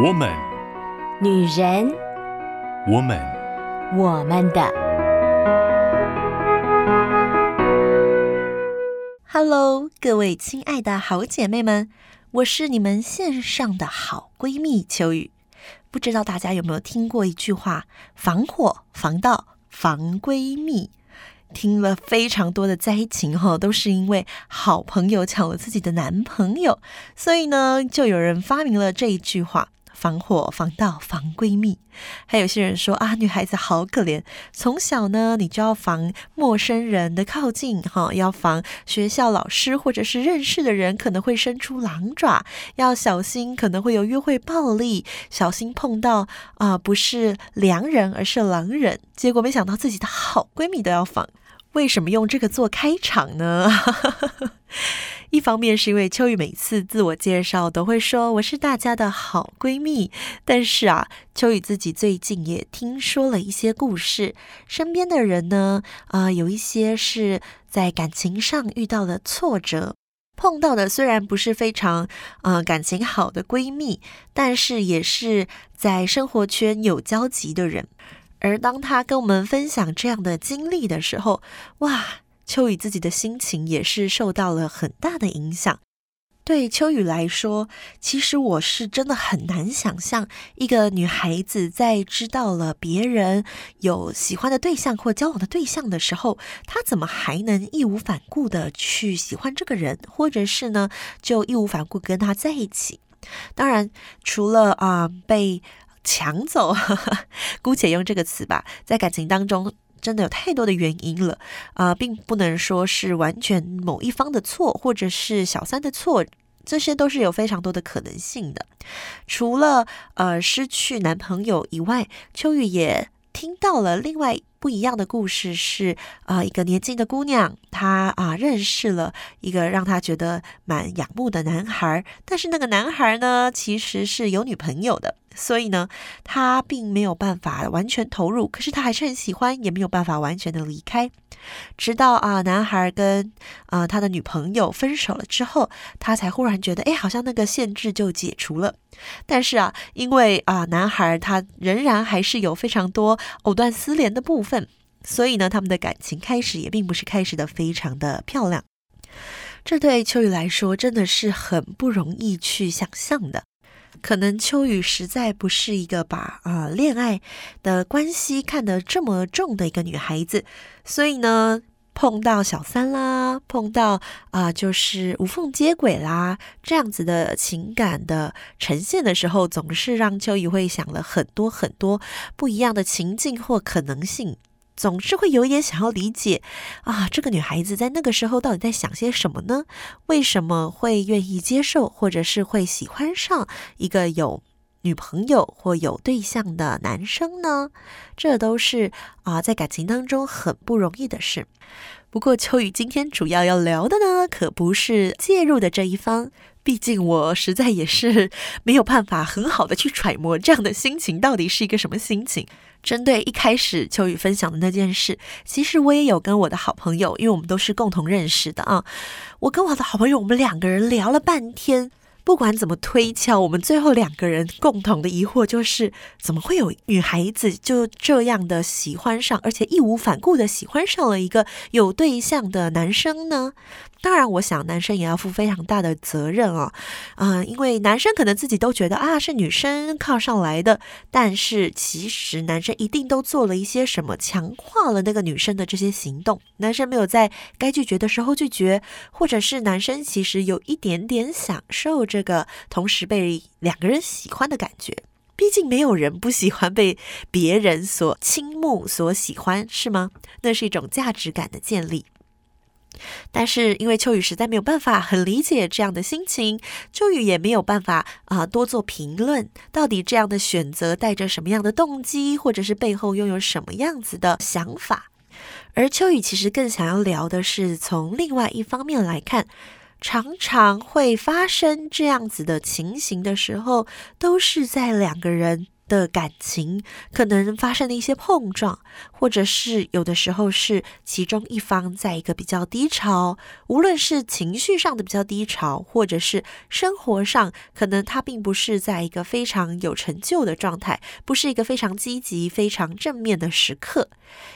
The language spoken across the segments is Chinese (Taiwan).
我們女人，我們我們的，Hello，各位親愛的好姐妹們，我是你們線上的好閨蜜秋雨。不知道大家有沒有聽過一句話：“防火防盜防閨蜜。”聽了非常多的災情後都是因為好朋友搶了自己的男朋友，所以呢，就有人發明了這一句話。防火、防盜、防閨蜜，還有些人說啊，女孩子好可憐，從小呢，你就要防陌生人的靠近，哈、哦，要防學校老師或者是認識的人可能會伸出狼爪，要小心可能會有約會暴力，小心碰到啊、呃，不是良人而是狼人。結果沒想到自己的好閨蜜都要防，為什麼用這個做開場呢？ 方面是因為秋雨每次自我介紹都會說我是大家的好閨蜜，但是啊，秋雨自己最近也聽說了一些故事，身邊的人呢，啊、呃，有一些是在感情上遇到了挫折，碰到的雖然不是非常啊、呃、感情好的閨蜜，但是也是在生活圈有交集的人，而當她跟我們分享這樣的經歷的時候，哇。秋雨自己的心情也是受到了很大的影響。對秋雨來說，其實我是真的很難想象，一個女孩子在知道了別人有喜歡的對象或交往的對象的時候，她怎麼還能義無反顧地去喜歡這個人，或者是呢，就義無反顧跟他在一起？當然，除了啊、呃、被搶走，呵呵，姑且用這個詞吧，在感情當中。真的有太多的原因了，啊、呃，並不能說是完全某一方的錯，或者是小三的錯，這些都是有非常多的可能性的。除了呃，失去男朋友以外，秋雨也聽到了另外不一樣的故事是，是、呃、啊，一個年輕的姑娘，她啊、呃、認識了一個讓她覺得蠻仰慕的男孩，但是那個男孩呢，其實是有女朋友的。所以呢，他並沒有辦法完全投入，可是他還是很喜歡，也沒有辦法完全的離開。直到啊，男孩跟啊、呃、他的女朋友分手了之後，他才忽然覺得，哎，好像那個限制就解除了。但是啊，因為啊，男孩他仍然還是有非常多藕斷絲連的部分，所以呢，他們的感情開始也並不是開始的非常的漂亮。這對秋雨來說，真的是很不容易去想象的。可能秋雨實在不是一個把呃戀愛的關係看得這麼重的一個女孩子，所以呢，碰到小三啦，碰到啊、呃、就是無縫接軌啦，這樣子的情感的呈現的時候，總是讓秋雨會想了很多很多不一樣的情境或可能性。總是會有一點想要理解，啊，這個女孩子在那個時候到底在想些什麼呢？為什麼會願意接受，或者是會喜歡上一個有女朋友或有對象的男生呢？這都是啊，在感情當中很不容易的事。不過秋雨今天主要要聊的呢，可不是介入的這一方，畢竟我實在也是沒有辦法很好的去揣摩這樣的心情到底是一個什麼心情。針對一開始秋雨分享的那件事，其實我也有跟我的好朋友，因為我們都是共同認識的啊，我跟我的好朋友，我們兩個人聊了半天。不管怎麼推敲，我們最後兩個人共同的疑惑就是：怎麼會有女孩子就這樣的喜歡上，而且義無反顧的喜歡上了一個有對象的男生呢？當然，我想男生也要負非常大的責任哦，啊。啊、呃，因為男生可能自己都覺得啊是女生靠上來的，但是其實男生一定都做了一些什麼，強化了那個女生的這些行動。男生沒有在該拒絕的時候拒絕，或者是男生其實有一點點享受着。這個同時被兩個人喜歡的感覺，畢竟沒有人不喜歡被別人所傾慕、所喜歡，是嗎？那是一種價值感的建立。但是因為秋雨實在沒有辦法很理解這樣的心情，秋雨也沒有辦法啊、呃、多做評論。到底這樣的選擇帶着什麼樣的動機，或者是背後擁有什麼樣子的想法？而秋雨其實更想要聊的是從另外一方面來看。常常會發生這樣子的情形的時候，都是在兩個人的感情可能發生了一些碰撞，或者是有的時候是其中一方在一個比較低潮，無論是情緒上的比較低潮，或者是生活上，可能他並不是在一個非常有成就的狀態，不是一個非常積極、非常正面的時刻，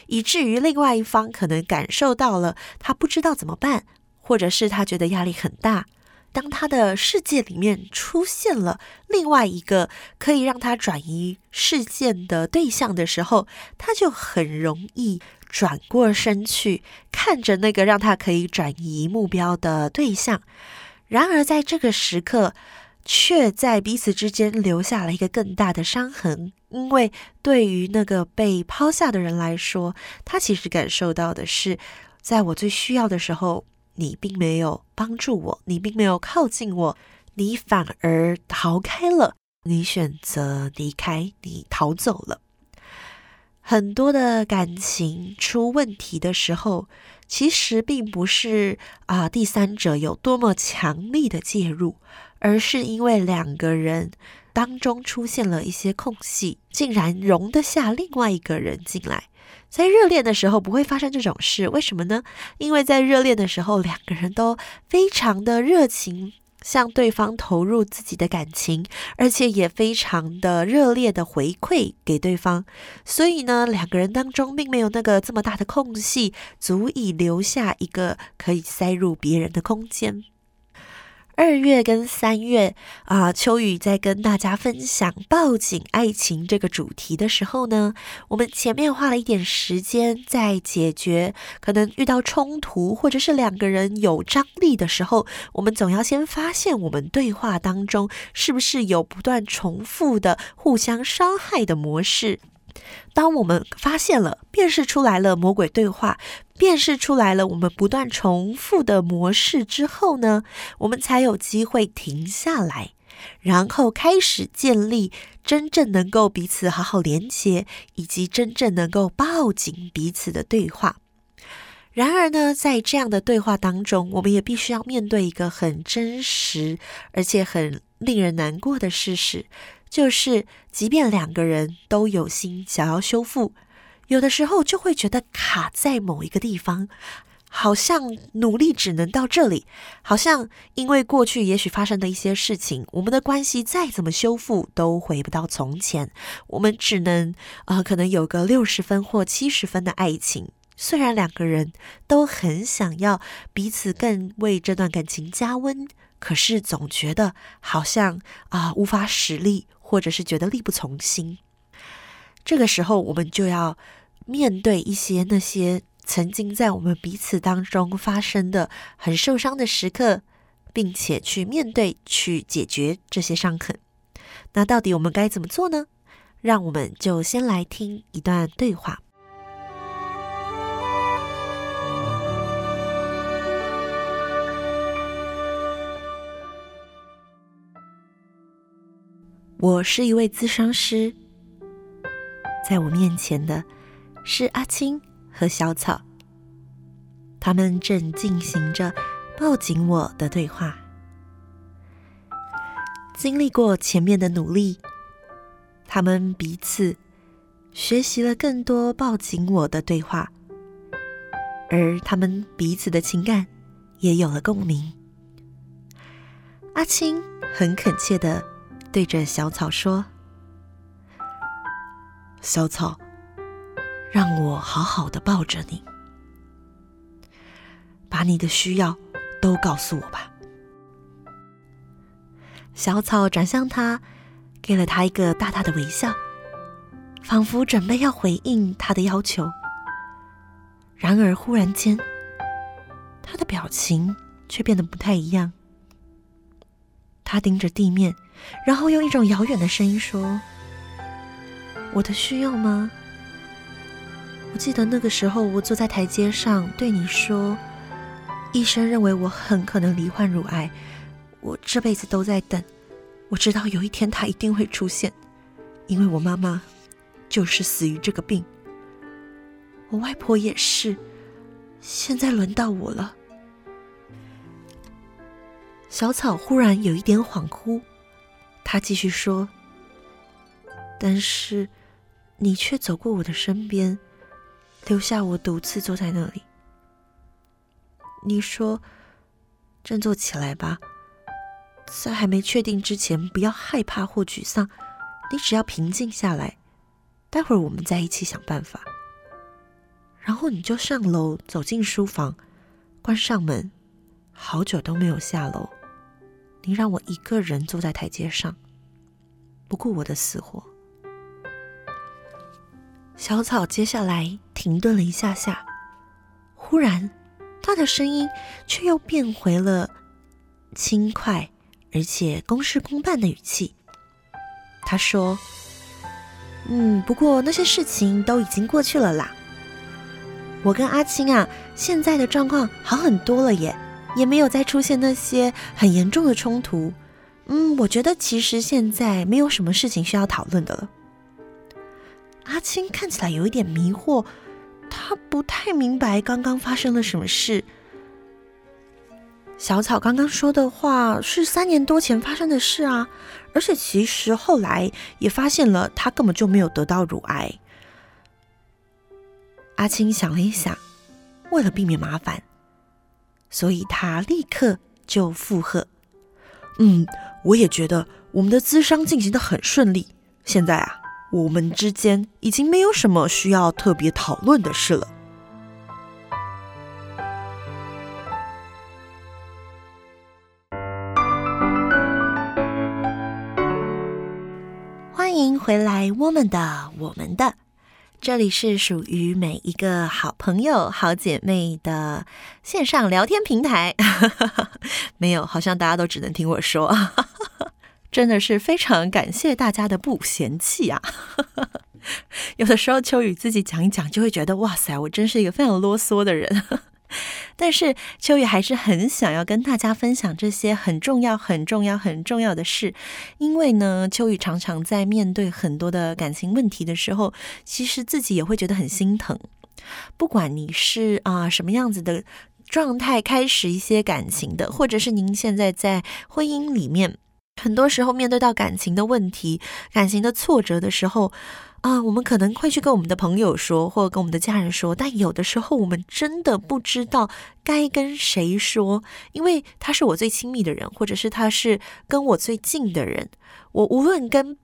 以至於另外一方可能感受到了，他不知道怎麼辦。或者是他覺得壓力很大，當他的世界裡面出現了另外一個可以讓他轉移視線的對象的時候，他就很容易轉過身去看着那個讓他可以轉移目標的對象。然而，在這個時刻，卻在彼此之間留下了一個更大的傷痕，因為對於那個被拋下的人來說，他其實感受到的是，在我最需要的時候。你並沒有幫助我，你並沒有靠近我，你反而逃開了，你選擇離開，你逃走了。很多的感情出問題的時候，其實並不是啊，呃，第三者有多麼強力的介入，而是因為兩個人。當中出現了一些空隙，竟然容得下另外一個人進來。在熱戀的時候不會發生這種事，為什麼呢？因為在熱戀的時候，兩個人都非常的熱情向對方投入自己的感情，而且也非常的熱烈的回饋給對方。所以呢，兩個人當中並沒有那個這麼大的空隙，足以留下一個可以塞入別人的空間。二月跟三月啊、呃，秋雨在跟大家分享抱緊愛情這個主題的時候呢，我們前面花了一點時間在解決可能遇到衝突或者是兩個人有張力的時候，我們總要先發現我們對話當中是不是有不斷重複的互相傷害的模式。當我們發現了、辨識出來了魔鬼對話，辨識出來了我們不斷重複的模式之後呢，我們才有機會停下來，然後開始建立真正能夠彼此好好連接，以及真正能夠抱緊彼此的對話。然而呢，在這樣的對話當中，我們也必須要面對一個很真實而且很令人難過的事實。就是，即便兩個人都有心想要修復，有的時候就會覺得卡在某一個地方，好像努力只能到這裡，好像因為過去也許發生的一些事情，我們的關係再怎麼修復都回不到從前，我們只能啊、呃，可能有個六十分或七十分的愛情。雖然兩個人都很想要彼此更為這段感情加溫，可是總覺得好像啊、呃，無法使力。或者是覺得力不從心，這個時候我們就要面對一些那些曾經在我們彼此當中發生的很受傷的時刻，並且去面對、去解決這些傷痕。那到底我們該怎麼做呢？讓我們就先來聽一段對話。我是一位諮商師，在我面前的是阿青和小草，他們正進行着抱緊我的對話。經歷過前面的努力，他們彼此學習了更多抱緊我的對話，而他們彼此的情感也有了共鳴。阿青很懇切地。對着小草說：“小草，讓我好好的抱着你，把你的需要都告訴我吧。”小草轉向他，給了他一個大大的微笑，仿佛準備要回應他的要求。然而，忽然間，他的表情卻變得不太一樣。他盯着地面，然後用一種遙遠的聲音說：“我的需要嗎？我記得那個時候，我坐在台階上，對你說，醫生認為我很可能罹患乳癌。我這輩子都在等，我知道有一天他一定會出現，因為我媽媽就是死於這個病，我外婆也是。現在輪到我了。” 小草忽然有一點恍惚，他繼續說：“但是，你卻走過我的身邊，留下我獨自坐在那裡。你說，振作起來吧，在還沒確定之前，不要害怕或沮喪。你只要平靜下來，待會兒我們再一起想辦法。”然後你就上樓，走進書房，關上門，好久都沒有下樓。你讓我一個人坐在台階上，不顧我的死活。小草接下來停頓了一下下，忽然，他的聲音卻又變回了輕快而且公事公辦的語氣。他說：“嗯，不過那些事情都已經過去了啦。我跟阿青啊，現在的狀況好很多了耶。”也沒有再出現那些很嚴重的衝突，嗯，我覺得其實現在沒有什麼事情需要討論的了。阿青看起來有一點迷惑，他不太明白剛剛發生了什麼事。小草剛剛說的話是三年多前發生的事啊，而且其實後來也發現了他根本就沒有得到乳癌。阿青想了一想，為了避免麻煩。所以他立刻就附和：“嗯，我也覺得我們的諮商進行得很順利。現在啊，我們之間已經沒有什麼需要特別討論的事了。”歡迎回來我們的，我們的我們的。這裡是屬於每一個好朋友、好姐妹的線上聊天平台， 沒有，好像大家都只能聽我說， 真的是非常感謝大家的不嫌棄啊！ 有的時候秋雨自己講一講，就會覺得哇塞，我真是一個非常囉嗦的人。 但是秋雨還是很想要跟大家分享這些很重要、很重要、很重要的事，因為呢，秋雨常常在面對很多的感情問題的時候，其實自己也會覺得很心疼。不管你是啊、呃、什麼樣子的狀態開始一些感情的，或者是您現在在婚姻裡面，很多時候面對到感情的問題、感情的挫折的時候。啊、呃，我們可能會去跟我們的朋友說，或跟我們的家人說，但有的時候我們真的不知道該跟誰說，因為他是我最親密的人，或者是他是跟我最近的人，我無論跟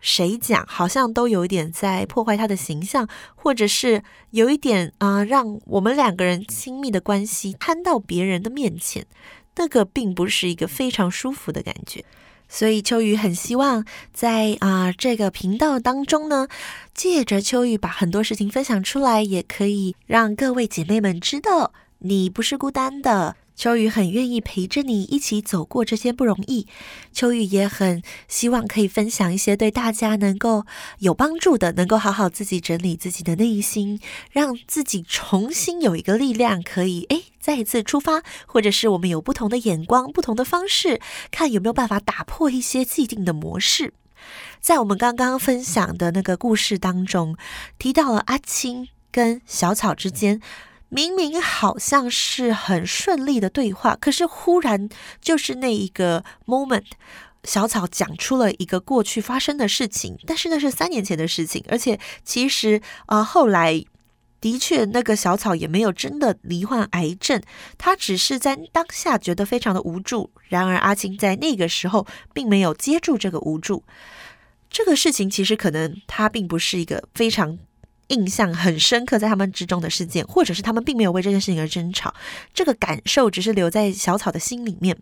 誰講，好像都有一點在破壞他的形象，或者是有一點啊、呃，讓我們兩個人親密的關係攤到別人的面前，那個並不是一個非常舒服的感覺。所以秋雨很希望在啊、呃、這個頻道當中呢，借着秋雨把很多事情分享出來，也可以讓各位姐妹們知道，你不是孤單的。秋雨很願意陪着你一起走過這些不容易，秋雨也很希望可以分享一些對大家能夠有幫助的，能夠好好自己整理自己的內心，讓自己重新有一個力量，可以哎、欸、再一次出發，或者是我們有不同的眼光、不同的方式，看有沒有辦法打破一些既定的模式。在我們剛剛分享的那個故事當中，提到了阿青跟小草之間。明明好像是很順利的對話，可是忽然就是那一個 moment，小草講出了一個過去發生的事情。但是那是三年前的事情，而且其實啊、呃，後來的確那個小草也沒有真的罹患癌症，他只是在當下覺得非常的無助。然而阿青在那個時候並沒有接住這個無助。這個事情其實可能他並不是一個非常。印象很深刻，在他們之中的事件，或者是他們並沒有為這件事情而爭吵，這個感受只是留在小草的心裡面，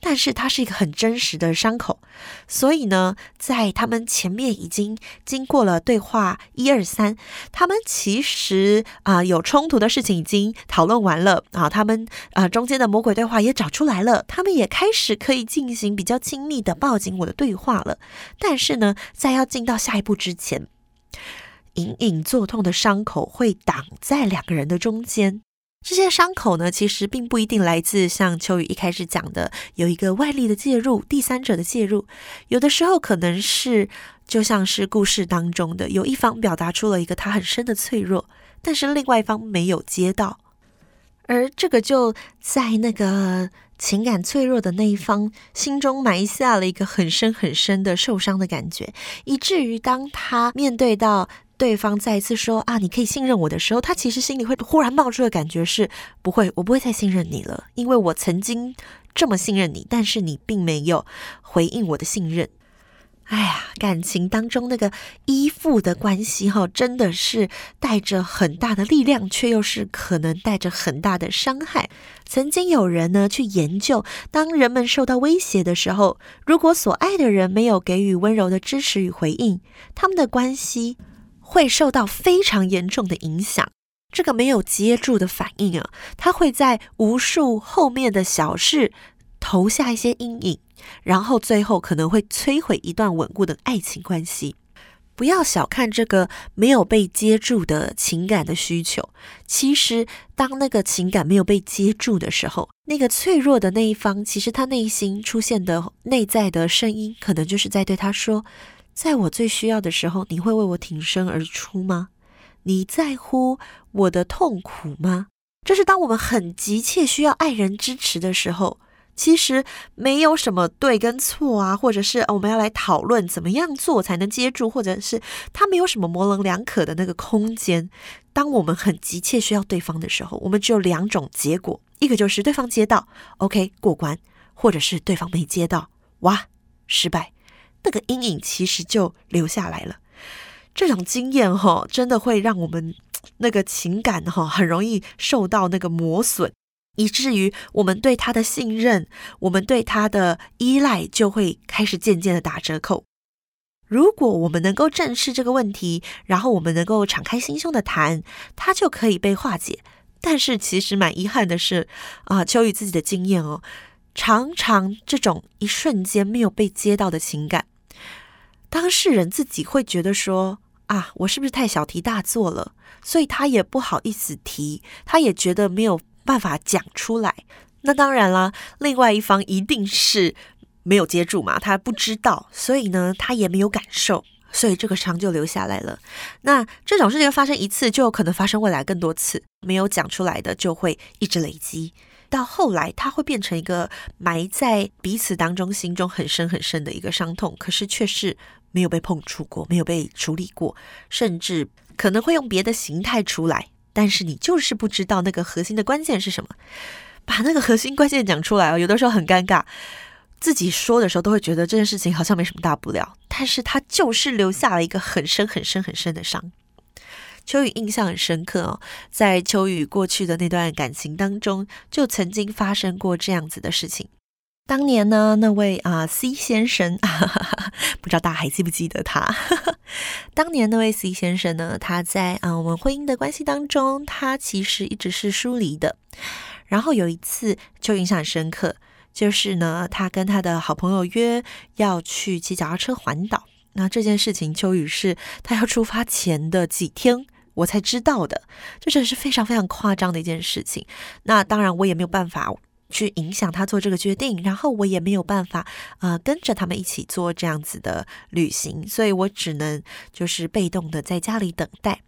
但是它是一個很真實的傷口。所以呢，在他們前面已經經過了對話一二三，他們其實啊、呃、有衝突的事情已經討論完了啊，他們啊、呃、中間的魔鬼對話也找出來了，他們也開始可以進行比較親密的抱緊我的對話了。但是呢，在要進到下一步之前。隱隱作痛的傷口會擋在兩個人的中間。這些傷口呢，其實並不一定來自像秋雨一開始講的，有一個外力的介入、第三者的介入。有的時候可能是，就像是故事當中的，有一方表達出了一個他很深的脆弱，但是另外一方沒有接到，而這個就在那個情感脆弱的那一方心中埋下了一個很深很深的受傷的感覺，以至於當他面對到。對方再一次說：“啊，你可以信任我的時候，他其實心裡會忽然冒出的感覺是：不會，我不會再信任你了，因為我曾經這麼信任你，但是你並沒有回應我的信任。哎呀，感情當中那個依附的關係、哦，哈，真的是帶着很大的力量，卻又是可能帶着很大的傷害。曾經有人呢去研究，當人們受到威脅的時候，如果所愛的人沒有給予溫柔的支持與回應，他們的關係。”會受到非常嚴重的影響。這個沒有接住的反應啊，它會在無數後面的小事投下一些陰影，然後最後可能會摧毀一段穩固的愛情關係。不要小看這個沒有被接住的情感的需求。其實，當那個情感沒有被接住的時候，那個脆弱的那一方，其實他內心出現的內在的聲音，可能就是在對他說。在我最需要的時候，你會為我挺身而出嗎？你在乎我的痛苦嗎？這是當我們很急切需要愛人支持的時候，其實沒有什麼對跟錯啊，或者是我們要來討論怎麼樣做才能接住，或者是他沒有什麼模棱兩可的那個空間。當我們很急切需要對方的時候，我們只有兩種結果：一個就是對方接到，OK 過關；或者是對方沒接到，哇，失敗。這個陰影其實就留下來了。這種經驗哈、哦，真的會讓我們那個情感哈、哦，很容易受到那個磨損，以至於我們對他的信任，我們對他的依賴就會開始漸漸的打折扣。如果我們能夠正視這個問題，然後我們能夠敞開心胸的談，它就可以被化解。但是其實蠻遺憾的是，啊、呃，秋雨自己的經驗哦，常常這種一瞬間沒有被接到的情感。當事人自己會覺得說啊，我是不是太小題大做了？所以他也不好意思提，他也覺得沒有辦法講出來。那當然啦，另外一方一定是沒有接住嘛，他不知道，所以呢，他也沒有感受，所以這個傷就留下來了。那這種事情發生一次，就有可能發生未來更多次。沒有講出來的就會一直累積，到後來，他會變成一個埋在彼此當中心中很深很深的一個傷痛。可是卻是。沒有被碰觸過，沒有被處理過，甚至可能會用別的形態出來，但是你就是不知道那個核心的關鍵是什麼。把那個核心關鍵講出來哦，有的時候很尷尬，自己說的時候都會覺得這件事情好像沒什麼大不了，但是他就是留下了一個很深很深很深的傷。秋雨印象很深刻哦，在秋雨過去的那段感情當中，就曾經發生過這樣子的事情。當年呢，那位啊、呃、C 先生啊， 不知道大家還記不記得他？哈哈，當年那位 C 先生呢，他在啊、呃、我們婚姻的關係當中，他其實一直是疏離的。然後有一次就印象很深刻，就是呢，他跟他的好朋友約要去騎腳踏車環島。那這件事情，秋雨是他要出發前的幾天我才知道的，這真的是非常非常誇張的一件事情。那當然，我也沒有辦法。去影響他做這個決定，然後我也沒有辦法，呃，跟着他們一起做這樣子的旅行，所以我只能就是被動的在家裡等待。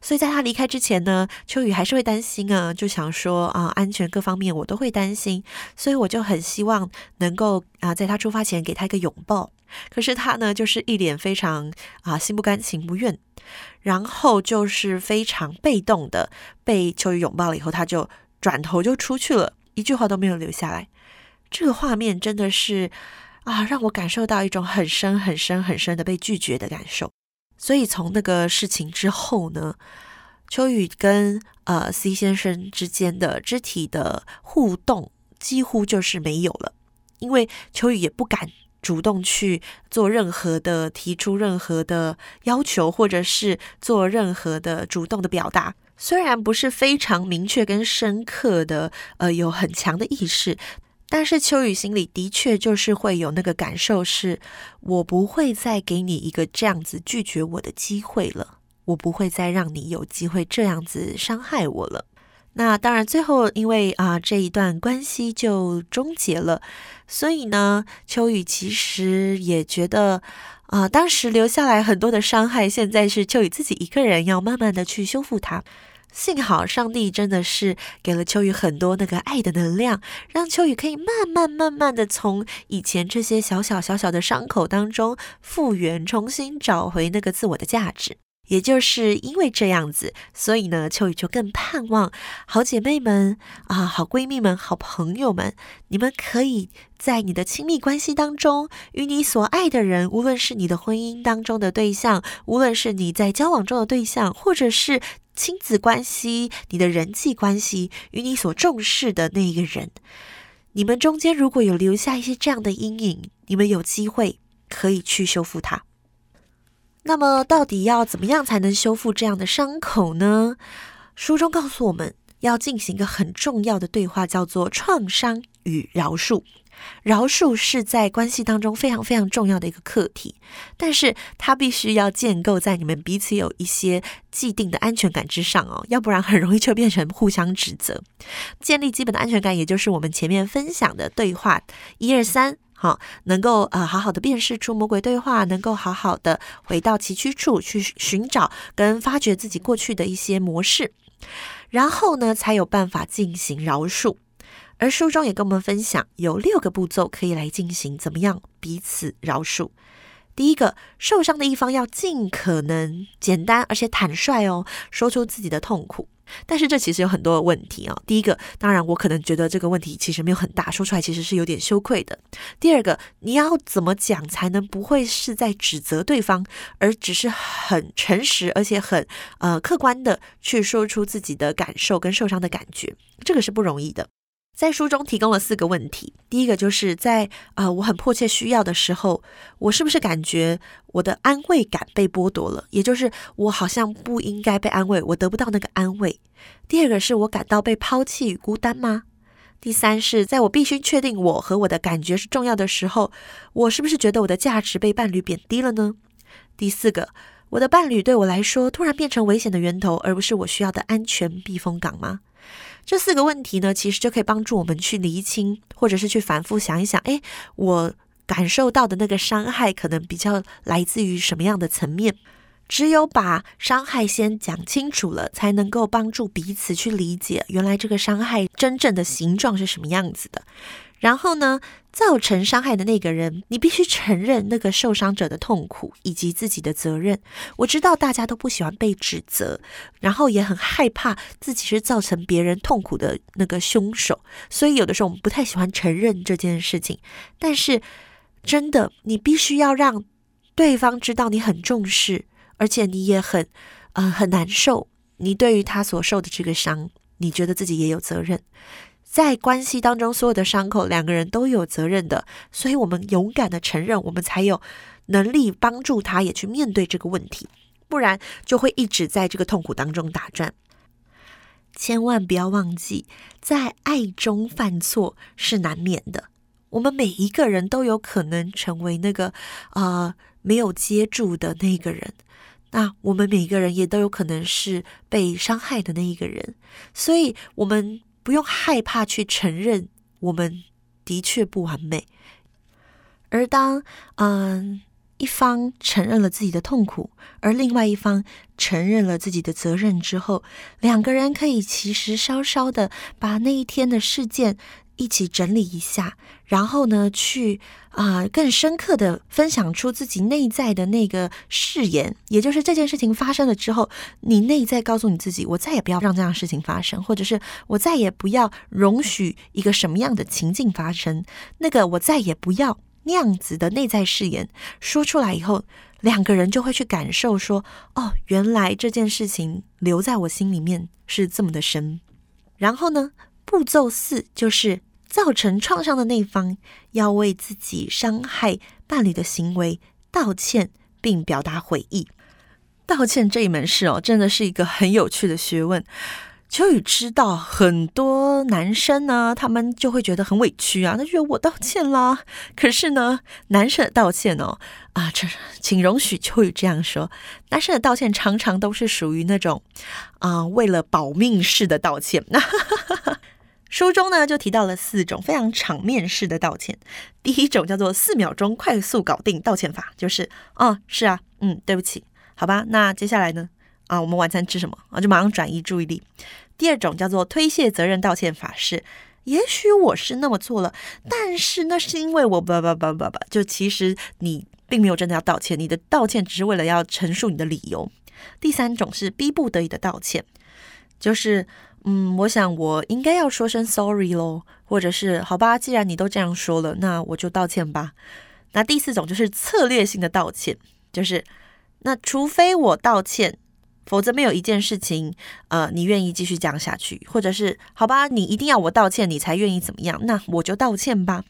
所以在他離開之前呢，秋雨還是會擔心啊，就想說啊、呃，安全各方面我都會擔心，所以我就很希望能夠啊、呃，在他出發前給他一個擁抱。可是他呢，就是一臉非常啊、呃，心不甘情不願，然後就是非常被動的被秋雨擁抱了以後，他就轉頭就出去了。一句話都沒有留下來，這個畫面真的是啊，讓我感受到一種很深、很深、很深的被拒絕的感受。所以從那個事情之後呢，秋雨跟呃 C 先生之間的肢體的互動幾乎就是沒有了，因為秋雨也不敢主動去做任何的，提出任何的要求，或者是做任何的主動的表達。雖然不是非常明確跟深刻的，呃，有很強的意識，但是秋雨心裡的確就是會有那個感受是，是我不會再給你一個這樣子拒絕我的機會了，我不會再讓你有機會這樣子傷害我了。那當然，最後因為啊，呃，這一段關係就終結了，所以呢，秋雨其實也覺得。啊、呃，當時留下來很多的傷害，現在是秋雨自己一個人要慢慢的去修復它。幸好上帝真的是給了秋雨很多那個愛的能量，讓秋雨可以慢慢慢慢的從以前這些小小小小的傷口當中復原，重新找回那個自我的價值。也就是因為這樣子，所以呢，秋雨就更盼望好姐妹們啊，好閨蜜們，好朋友們，你們可以在你的親密關係當中，與你所愛的人，無論是你的婚姻當中的對象，無論是你在交往中的對象，或者是親子關係，你的人際關係與你所重視的那一個人，你們中間如果有留下一些這樣的陰影，你們有機會可以去修復它。那麼到底要怎麼樣才能修復這樣的傷口呢？書中告訴我們要進行一個很重要的對話，叫做創傷與饒恕。饒恕是在關係當中非常非常重要的一個課題，但是它必須要建構在你們彼此有一些既定的安全感之上哦，要不然很容易就變成互相指責。建立基本的安全感，也就是我們前面分享的對話，一二三。1, 2, 好，能夠呃好好的辨識出魔鬼對話，能夠好好的回到崎嶇處去尋找跟發掘自己過去的一些模式，然後呢，才有辦法進行饒恕。而書中也跟我們分享，有六個步驟可以來進行怎麼樣彼此饒恕。第一個，受傷的一方要盡可能簡單而且坦率哦，說出自己的痛苦。但是這其實有很多的問題啊、哦。第一個，當然我可能覺得這個問題其實沒有很大，說出來其實是有點羞愧的。第二個，你要怎麼講才能不會是在指責對方，而只是很誠實而且很呃客觀的去說出自己的感受跟受傷的感覺？這個是不容易的。在書中提供了四個問題，第一個就是在啊、呃、我很迫切需要的時候，我是不是感覺我的安慰感被剝奪了？也就是我好像不應該被安慰，我得不到那個安慰。第二個是我感到被拋棄與孤單嗎？第三是在我必須確定我和我的感覺是重要的時候，我是不是覺得我的價值被伴侶貶低了呢？第四個，我的伴侶對我來說突然變成危險的源頭，而不是我需要的安全避風港嗎？這四個問題呢，其實就可以幫助我們去釐清，或者是去反覆想一想，哎，我感受到的那個傷害，可能比較來自於什麼樣的層面？只有把傷害先講清楚了，才能夠幫助彼此去理解，原來這個傷害真正的形狀是什麼樣子的。然後呢，造成傷害的那個人，你必須承認那個受傷者的痛苦以及自己的責任。我知道大家都不喜歡被指責，然後也很害怕自己是造成別人痛苦的那個兇手，所以有的時候我們不太喜歡承認這件事情。但是真的，你必須要讓對方知道你很重視，而且你也很嗯、呃、很難受。你對於他所受的這個傷，你覺得自己也有責任。在關係當中，所有的傷口，兩個人都有責任的，所以，我們勇敢的承認，我們才有能力幫助他，也去面對這個問題，不然就會一直在這個痛苦當中打轉。千萬不要忘記，在愛中犯錯是難免的，我們每一個人都有可能成為那個呃沒有接住的那個人，那我們每一個人也都有可能是被傷害的那一個人，所以，我們。不用害怕去承認我們的確不完美，而當嗯、呃、一方承認了自己的痛苦，而另外一方承認了自己的責任之後，兩個人可以其實稍稍的把那一天的事件，一起整理一下，然後呢，去啊、呃、更深刻的分享出自己內在的那個誓言，也就是這件事情發生了之後，你內在告訴你自己，我再也不要讓這樣事情發生，或者是我再也不要容許一個什麼樣的情境發生，那個我再也不要那樣子的內在誓言說出來以後，兩個人就會去感受說，哦，原來這件事情留在我心裡面是這麼的深，然後呢，步驟四就是造成創傷的那方要為自己傷害伴侶的行為道歉，並表達悔意。道歉這一門事哦，真的是一個很有趣的學問。秋雨知道很多男生呢，他們就會覺得很委屈啊，那就我道歉了，可是呢，男生的道歉哦，啊、呃，這請容許秋雨這樣說，男生的道歉常常都是屬於那種啊、呃，為了保命式的道歉。 書中呢，就提到了四種非常場面式的道歉。第一種叫做四秒鐘快速搞定道歉法，就是啊、哦、是啊，嗯，對不起好吧，那接下來呢，啊，我們晚餐吃什麼啊，就馬上轉移注意力。第二種叫做推卸責任道歉法，是，也許我是那麼錯了，但是那是因為我吧吧吧吧吧。就其實你並沒有真的要道歉，你的道歉只是為了要陳述你的理由。第三種是逼不得已的道歉，就是。嗯，我想我應該要說聲 sorry 嘍，或者是好吧，既然你都這樣說了，那我就道歉吧。那第四種就是策略性的道歉，就是那除非我道歉，否則沒有一件事情，呃，你願意繼續講下去，或者是好吧，你一定要我道歉，你才願意怎麼樣？那我就道歉吧。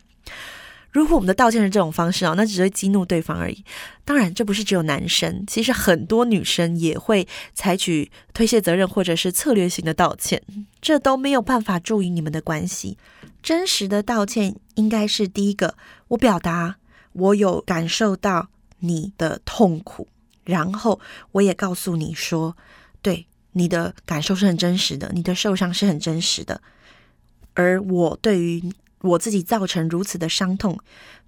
如果我們的道歉是這種方式啊、哦，那只會激怒對方而已。當然，這不是只有男生，其實很多女生也會採取推卸責任或者是策略性的道歉，這都沒有辦法治癒你們的關係。真實的道歉應該是第一個，我表達我有感受到你的痛苦，然後我也告訴你說，對，你的感受是很真實的，你的受傷是很真實的，而我對於。我自己造成如此的傷痛，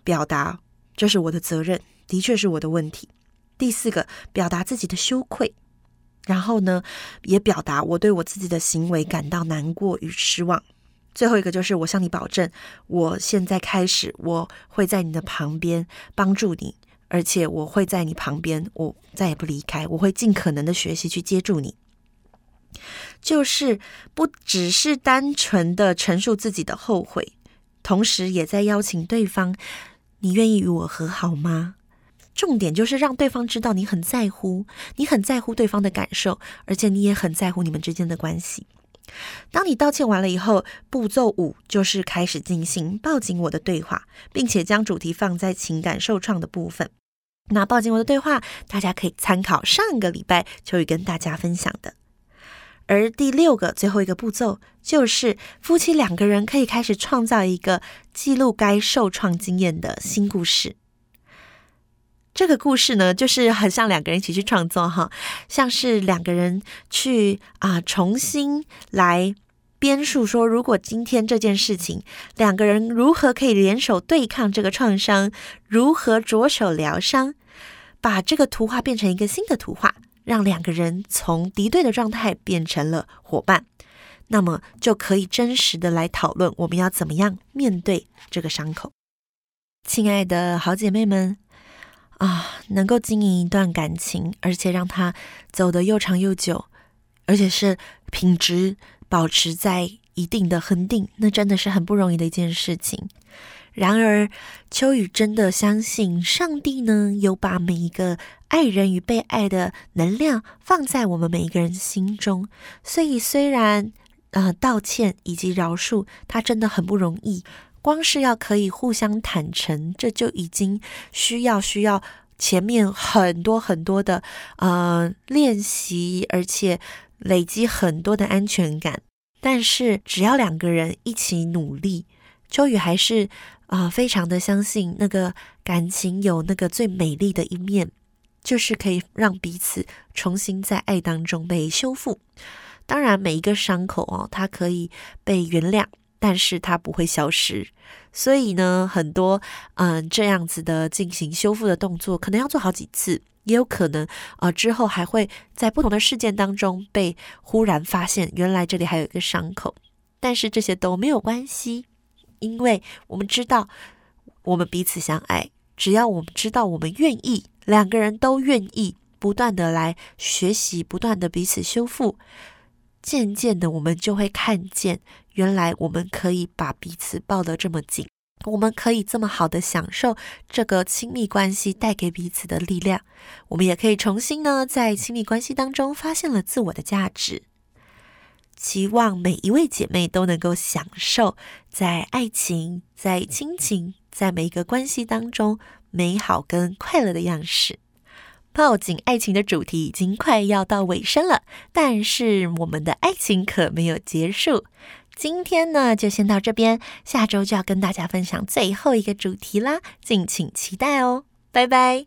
表達這是我的責任，的確是我的問題。第四個，表達自己的羞愧，然後呢，也表達我對我自己的行為感到難過與失望。最後一個就是我向你保證，我現在開始，我會在你的旁邊幫助你，而且我會在你旁邊，我再也不離開，我會盡可能的學習去接住你。就是不只是單純的陳述自己的後悔。同時也在邀請對方，你願意與我和好嗎？重點就是讓對方知道你很在乎，你很在乎對方的感受，而且你也很在乎你們之間的關係。當你道歉完了以後，步驟五就是開始進行抱緊我的對話，並且將主題放在情感受創的部分。那抱緊我的對話，大家可以參考上個禮拜秋雨跟大家分享的。而第六個、最後一個步驟，就是夫妻兩個人可以開始創造一個記錄該受創經驗的新故事。這個故事呢，就是很像兩個人一起去創作哈，像是兩個人去啊、呃、重新來編述說，如果今天這件事情，兩個人如何可以聯手對抗這個創傷，如何着手療傷，把這個圖畫變成一個新的圖畫。讓兩個人從敵對的狀態變成了夥伴，那麼就可以真實的來討論我們要怎麼樣面對這個傷口。親愛的好姐妹們啊，能夠經營一段感情，而且讓它走得又長又久，而且是品質保持在一定的恆定，那真的是很不容易的一件事情。然而，秋雨真的相信上帝呢，有把每一個愛人與被愛的能量放在我們每一個人心中。所以，雖然呃，道歉以及饒恕，他真的很不容易。光是要可以互相坦誠，這就已經需要需要前面很多很多的呃練習，而且累積很多的安全感。但是，只要兩個人一起努力，秋雨還是。啊、呃，非常的相信那個感情有那個最美麗的一面，就是可以讓彼此重新在愛當中被修復。當然，每一個傷口哦，它可以被原諒，但是它不會消失。所以呢，很多嗯、呃、這樣子的進行修復的動作，可能要做好幾次，也有可能啊、呃、之後還會在不同的事件當中被忽然發現，原來這裡還有一個傷口。但是這些都沒有關係。因為我們知道我們彼此相愛，只要我們知道我們願意，兩個人都願意，不斷的來學習，不斷的彼此修復，漸漸的我們就會看見，原來我們可以把彼此抱得這麼緊，我們可以這麼好的享受這個親密關係帶給彼此的力量，我們也可以重新呢，在親密關係當中發現了自我的價值。期望每一位姐妹都能夠享受在愛情、在親情、在每一個關係當中美好跟快樂的樣式。抱緊愛情的主題已經快要到尾聲了，但是我們的愛情可沒有結束。今天呢，就先到這邊，下周就要跟大家分享最後一個主題啦，敬請期待哦，拜拜。